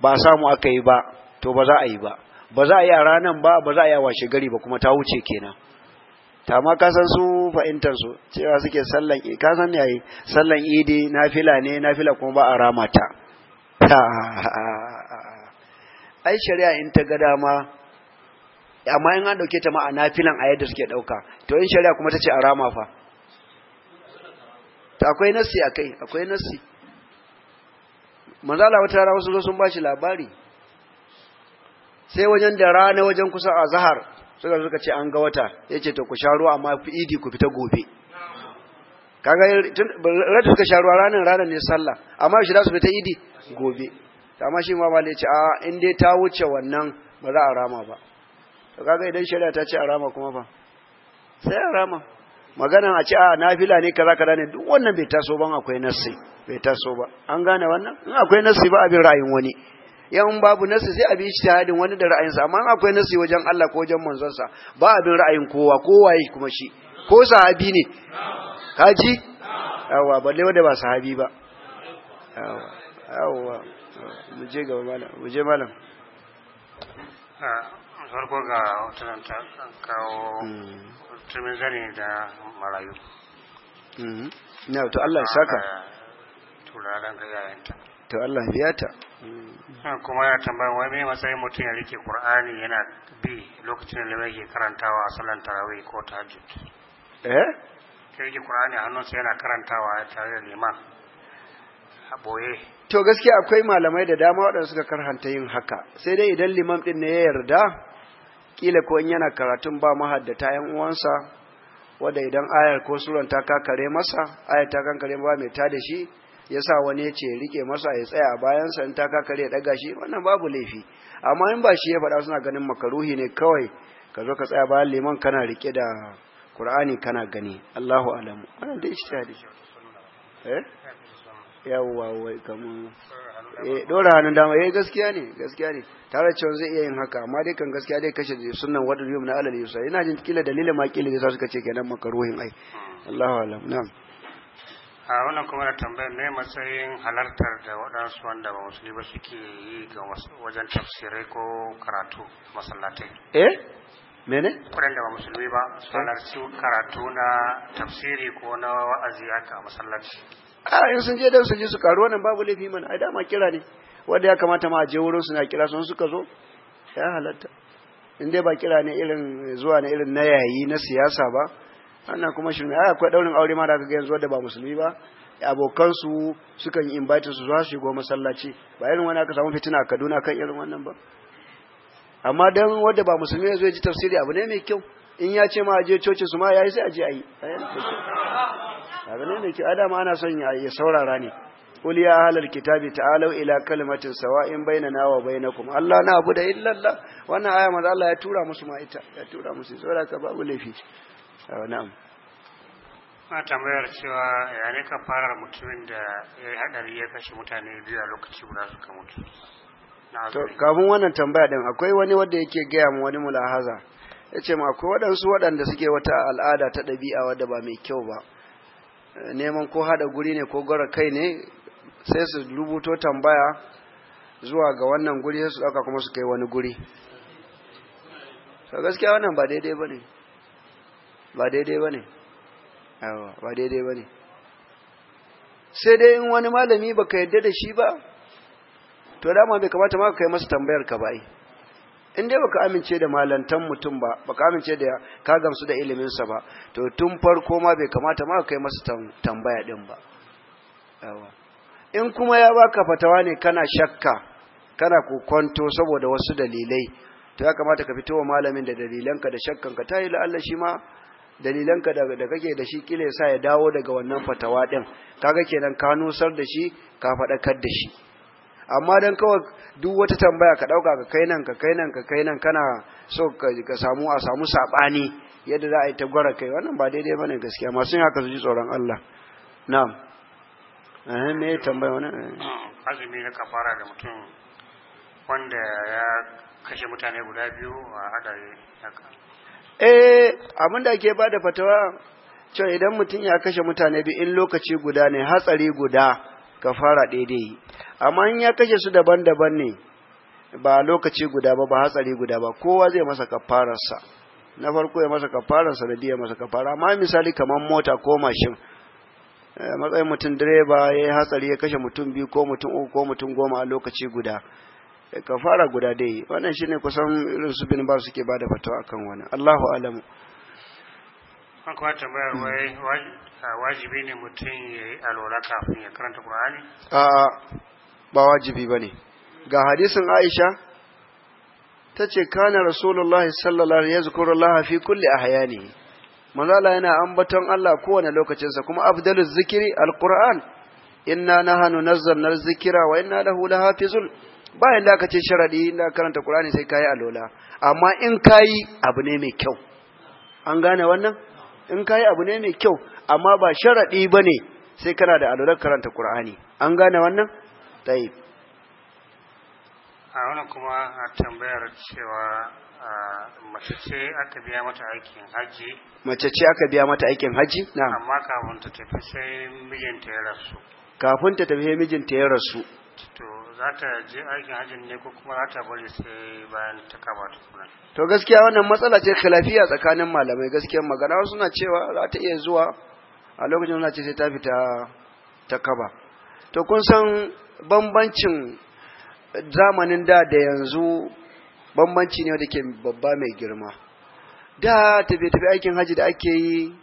A: ba samu aka yi ba to ba za a yi ba ba za a yi a ranan ba ba za a yi a washe gari ba kuma ta wuce kenan ta ma ka san su fa'intar su cewa suke sallan kasan ya yi sallan idi fila ne fila kuma ba a rama ta ai shari'a in ta ga dama amma in an dauke ta ma a nafilan a yadda suke dauka to in shari'a kuma ta ce a rama fa to akwai nassi kai, akwai nassi manzala wata rana wasu zo sun bashi labari sai wajen da rana wajen kusa a zahar suka suka ce an ga wata ya ce to ku sha ruwa amma fi idi ku fita gobe kaga rata suka sha ruwa ranar ranar ne sallah amma shi za su fita idi gobe amma shi ma ba ne ce a in dai ta wuce wannan ba za a rama ba to kaga idan shari'a ta ce a rama kuma fa sai a rama magana a ce a nafila ne kaza kaza ne duk wannan bai taso ban akwai nassi bai taso ba an gane wannan in akwai nassi ba abin ra'ayin wani yan babu nassi sai abin ijtihadin wani da ra'ayinsa amma in akwai nassi wajen Allah ko wajen sa ba abin ra'ayin kowa kowa yi kuma shi ko sahabi ne kaji yawa balle wanda ba sahabi ba yawa yawa mu je gaba malam mu je malam
D: ah. farko ga hotunan ta kawo mm. turmin zane da marayu
A: mm-hmm. na to Allah ya saka
D: turaren ga ta
A: to Allah biya ta
D: mm. kuma ya tambaya wani matsayin mutum ya rike kur'ani yana bi lokacin da ke karantawa a salon tarawih ko tahajjud eh ke rike kur'ani a hannunsa yana karantawa tare da liman a boye
A: to gaskiya akwai malamai da dama waɗanda suka karhanta yin haka sai dai idan liman din ne ya yarda kila ko in yana karatun ba mahaddata yan uwansa wanda idan ayar ko suran ta kakare masa ayar ta kankare ba mai ta da shi yasa wani ce rike masa ya tsaya a bayansa in ta kakare daga shi wannan babu laifi amma in ba shi ya faɗa suna ganin makaruhi ne kawai ka zo ka tsaya bayan liman kana rike da Qur'ani kana gani Allahu alamu wannan da eh yawwa wai Eh, dora hannun dama eh gaskiya ne gaskiya ne tare cewa zai iya yin haka amma dai kan gaskiya dai kashe sunnan wadda yau na alal yusa ina jin kila dalilin ma kila yasa suka ce kenan makaruhin ai Allahu alam na'am
D: a wannan kuma da tambayar ne matsayin halartar da waɗansu wanda ba musulmi ba suke yi ga wajen tafsirai ko karatu masallatai
A: eh mene
D: da ba musulmi ba su eh? halarci karatu na tafsiri ko na wa'azi haka masallaci
A: a in sun je dan su je su karu wannan babu laifi mana ai dama kira ne wanda ya kamata ma a je wurin su na kira sun suka zo ya halatta in dai ba kira ne irin zuwa na irin na yayi na siyasa ba wannan kuma shi ne akwai daurin aure ma da kaga yanzu wanda ba musulmi ba abokansu sukan yi invite su zuwa su shigo masallaci ba irin wani aka samu fitina a Kaduna kan irin wannan ba amma dan wanda ba musulmi ne zai ji tafsiri abu ne mai kyau in ya ce ma a je cocin su ma yayi sai a a ayi kaga ne ke kyau ana son ya saurara ne qul ya ahlal kitabi ta'alu ila kalimatin sawa'in bainana wa bainakum Allah na abu da illallah wannan aya manzo Allah ya tura musu ma ita ya tura musu saboda ka babu laifi ah, na'am
D: a tambayar cewa ya ne ka fara mutumin da ya yi hadari ya kashe mutane biyu a lokaci guda suka mutu to
A: kafin wannan tambaya din akwai wani wanda yake gaya mu wani mulahaza yace ma akwai waɗansu waɗanda suke wata al'ada ta ɗabi'a wadda ba mai kyau ba neman ko haɗa guri ne ko gwara kai ne sai su rubuto tambaya zuwa ga wannan guri su ɗauka kuma su kai wani guri gaskiya wannan ba daidai ba ne ba daidai ba ne ba daidai ba ne sai dai in wani malami baka yadda da shi ba to dama bai kamata ma ka kai masa tambayar ka ba in dai baka amince da malantan mutum ba baka amince da ka gamsu da iliminsa ba to tun farko ma bai kamata ma kai masa tambaya din ba in kuma ya baka fatawa ne kana shakka kana kokonto saboda wasu dalilai to ya kamata ka fito wa malamin da dalilanka da shakkanka ta yi la'alla shi ma dalilanka da kake da shi kila sa ya dawo daga wannan fatawa din kaga kenan ka nusar da shi ka faɗakar da shi amma dan kawai duk wata tambaya ka dauka ka kai nan ka kai nan ka kai nan kana so ka samu a samu sabani yadda za a yi tagwara kai wannan ba daidai bane gaskiya masu yin haka su ji tsoron Allah na'am eh me tambaya wani
D: azumi na kafara da mutum wanda ya kashe mutane guda biyu a hadari haka
A: eh abinda ake bada fatawa cewa idan mutum ya kashe mutane biyu in lokaci guda ne hatsari guda kafara ɗaya dai amma in ya kashe su daban-daban ne ba lokaci guda ba ba hatsari guda ba kowa zai masa kafararsa na farko ya masa kafararsa da biya masa kafara amma misali kamar mota ko mashin eh, matsayin mutum direba ya yi hatsari ya kashe mutum biyu ko mutum uku ko mutum goma a lokaci guda eh, kafara guda dai wannan shine kusan irin su bin ba suke bada fatawa akan wani Allahu alamu
D: akwai tambayar wai wajibi ne mutum alwala kafin ya karanta Qur'ani?
A: A'a, ba wajibi ba ne. Ga hadisin Aisha, ta ce, Kana Rasulullahi sallallahu ya zukuru Allah fi kulli a hayani. Manzala yana ambaton Allah kowane lokacinsa kuma abdalus zikiri alquran inna nahanu nazzalna zikira wa inna lahu lahafizun bayan da aka ce sharadi inda karanta Qur'ani sai kayi alola amma in kayi abu ne mai kyau an gane wannan in ka yi abu ne mai kyau amma ba sharaɗi ba ne sai kana da alurar karanta Kur'ani. an gane wannan? tayi
D: a wani kuma a tambayar cewa mace ce aka biya mata aikin hajji
A: mace ce aka biya mata aikin hajji na
D: amma kafin ta tafi sai mijinta ya rasu
A: kafin ta tafi mijinta ya rasu
D: to za ta je aikin hajjin ne ko kuma za ta bari sai bayan ta kama
A: To gaskiya wannan matsala ce khilafiya tsakanin malamai gaskiyar magana wasu na cewa za ta iya zuwa a lokacin suna ce sai ta fita ta kaba. To kun san bambancin zamanin da da yanzu bambanci ne wadda ke babba mai girma. Da tafiye-tafiye aikin hajji da ake yi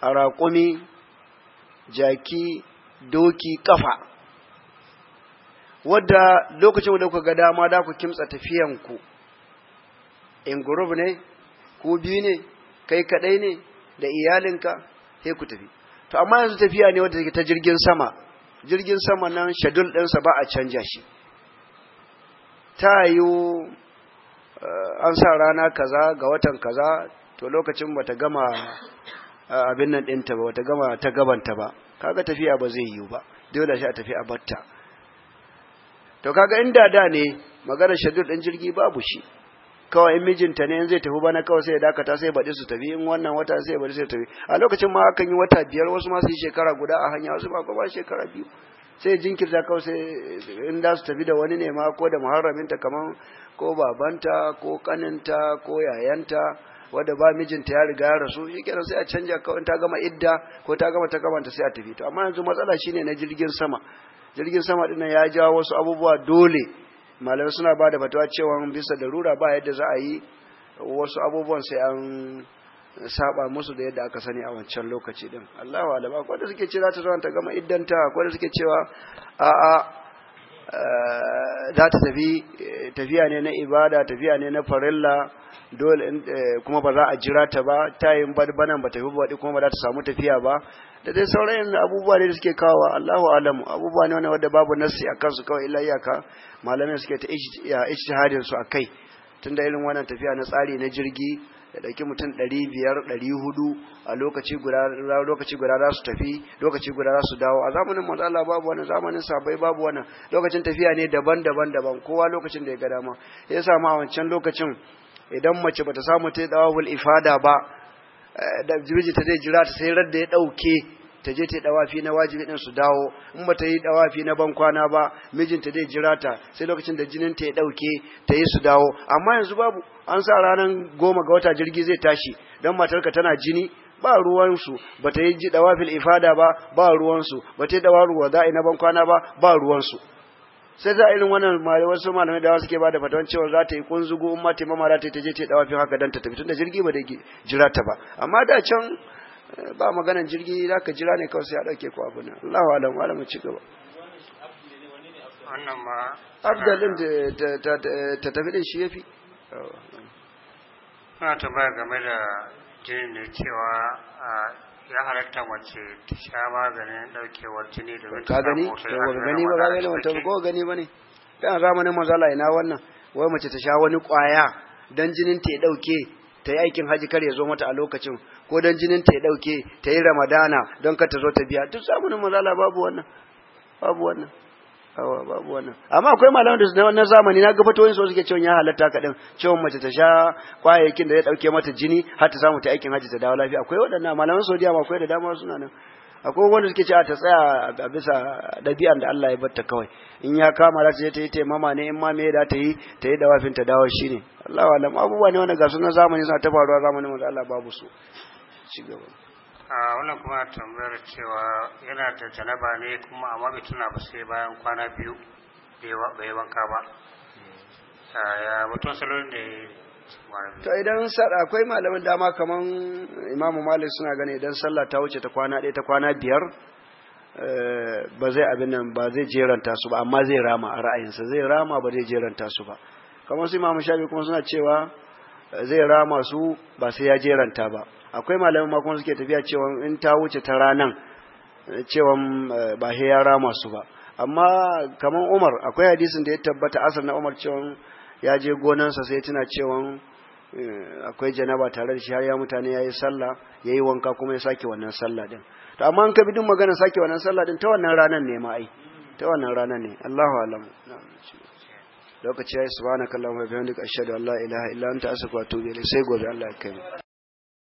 A: a raƙumi, jaki, doki, kafa. wadda lokacin da kuka ga dama da ku kimtsa tafiyanku in group ne ku biyu ne kai kadai ne da iyalinka sai ku tafi to amma yanzu tafiya ne wadda take ta jirgin sama jirgin sama nan shadul sa ba a canja shi ta yiwu eh, an sa rana kaza ga watan kaza to lokacin bata gama eh, abin nan ɗinta ba ta gama ta gabanta ba kaga tafiya ba zai yiwu ba dole shi a tafi a batta to kaga inda da ne magana shadur din jirgi babu shi kawai in mijinta ne in zai tafi bana kawai sai ya dakata sai baɗi su tafi in wannan wata sai baɗi su tafi a lokacin ma akan yi wata biyar wasu ma su yi shekara guda a hanya wasu ba ko ba shekara biyu sai jinkirta kawai sai in da su tafi da wani ne ma ko da muharraminta kaman ko babanta ko kaninta ko yayanta wanda ba mijinta ya riga ya rasu shi kenan sai a canja kawai ta gama idda ko ta gama ta sai a tafi to amma yanzu matsala shine na jirgin sama jirgin sama dinnan ya jawo wasu abubuwa dole malamai suna ba da fatawa cewa bisa da rura ba yadda za a yi wasu abubuwan sai an saba musu da yadda aka sani a wancan lokaci din Allahu alama akwai da suke cewa za ta ta gama iddanta akwai da suke cewa a a eh, za ta tafi eh, tafiya ne na ibada tafiya ne na farilla dole eh, kuma ba za a jira ta ba tayin badbanan ba tafi ba kuma ba za ta samu tafiya ba da dai sauran abubuwa ne da suke kawo Allahu alamu abubuwa ne wanda babu nassi a kansu kawai illa iyaka malamai suke ta ijtihadin su akai tunda irin wannan tafiya na tsari na jirgi da dauki mutum 500 400 a lokaci guda lokaci guda za su tafi lokaci guda za su dawo a zamanin manzo Allah babu wannan zamanin sabai babu wannan lokacin tafiya ne daban-daban daban kowa lokacin da ya ga dama yasa ma wancan lokacin idan mace bata samu ta yi dawawul ifada ba Eh, da mijinta zai jira ta sai radda ya ɗauke ta je ta dawafi na wajibi ɗin su dawo in ba ta yi dawafi na ban kwana ba mijinta zai jira ta sai lokacin da jinin ta ya ɗauke ta yi su dawo amma yanzu babu an sa ranar goma ga wata jirgi zai tashi don matarka tana jini ba ruwansu ba ta yi dawafil ifada ba ba ruwansu ba ta yi wa za'i na ban kwana ba ba ruwansu sai za a irin wannan mai wasu malamai da suke bada fatan cewa za ta yi kunzugu umma ta mama za ta je ta dawa fi haka dan ta tafi tunda jirgi ba da jira ta ba amma da can eh, ba maganan jirgi za ka jira ne kawai sai a dauke ku abu nan Allahu alam alam ci gaba
D: wannan ma afdalin
A: ta tafi din shi yafi
D: na ta ba game da jirgin da cewa ah, ya halatta mace ta sha maganin daukewar jini da ka gani ba gani ba ka gani wata
A: ko gani ba ne ɗan zamanin mazala ina wannan wai mace ta sha wani kwaya don jinin ta ya dauke ta yi aikin haji kar ya zo mata a lokacin ko don jinin ta ya dauke ta yi ramadana don ka ta zo ta biya duk zamanin mazala babu wannan babu wannan babu wannan amma akwai malaman da na zamani na ga fatoyin su suke cewa ya halatta kaɗan cewa mace ta sha kwayayyakin da ya ɗauke mata jini har ta samu ta aikin hajji ta dawo lafiya akwai waɗannan malaman Saudiya ma akwai da dama suna nan akwai wanda suke cewa ta tsaya a bisa ɗabi'an da Allah ya ta kawai in ya kama za ta je ta yi taimama ne in ma me da ta yi ta yi dawafin ta dawo ne Allah alam abubuwa ne wanda ga na zamani suna ta faruwa zamanin manzo Allah babu su ci gaba
D: a wannan kuma tambayar cewa yana da janaba ne kuma amma bai tuna ba sai bayan kwana biyu bai wanka ba ya mutum salon ne to
A: idan akwai malamin dama kaman imamu malik suna gani idan sallah ta wuce ta kwana ɗaya ta kwana biyar eh, ba zai abin nan ba zai jeranta su ba amma zai rama a ra'ayinsa zai rama ba zai jeranta su ba kamar su imamu shafi kuma suna cewa eh, zai rama su ba sai ya jeranta ba akwai malamin ma kuma suke tafiya cewa in ta wuce ta ranan cewa eh, ba he ya rama su ba amma kamar Umar akwai hadisin da ya tabbata asar na Umar cewa ya je gonansa sai tuna cewa eh, akwai janaba tare da shi har ya mutane yayi sallah yayi wanka kuma ya sake wannan sallah din to amma an ka bi duk magana sake wannan sallah din ta wannan ranan ne ma ai ta wannan ranan ne Allahu alam lokaci yayi subhanakallahumma wa bihamdika ashhadu an la ilaha illa anta astaghfiruka wa atubu ilayk sai gobe Allah ya kai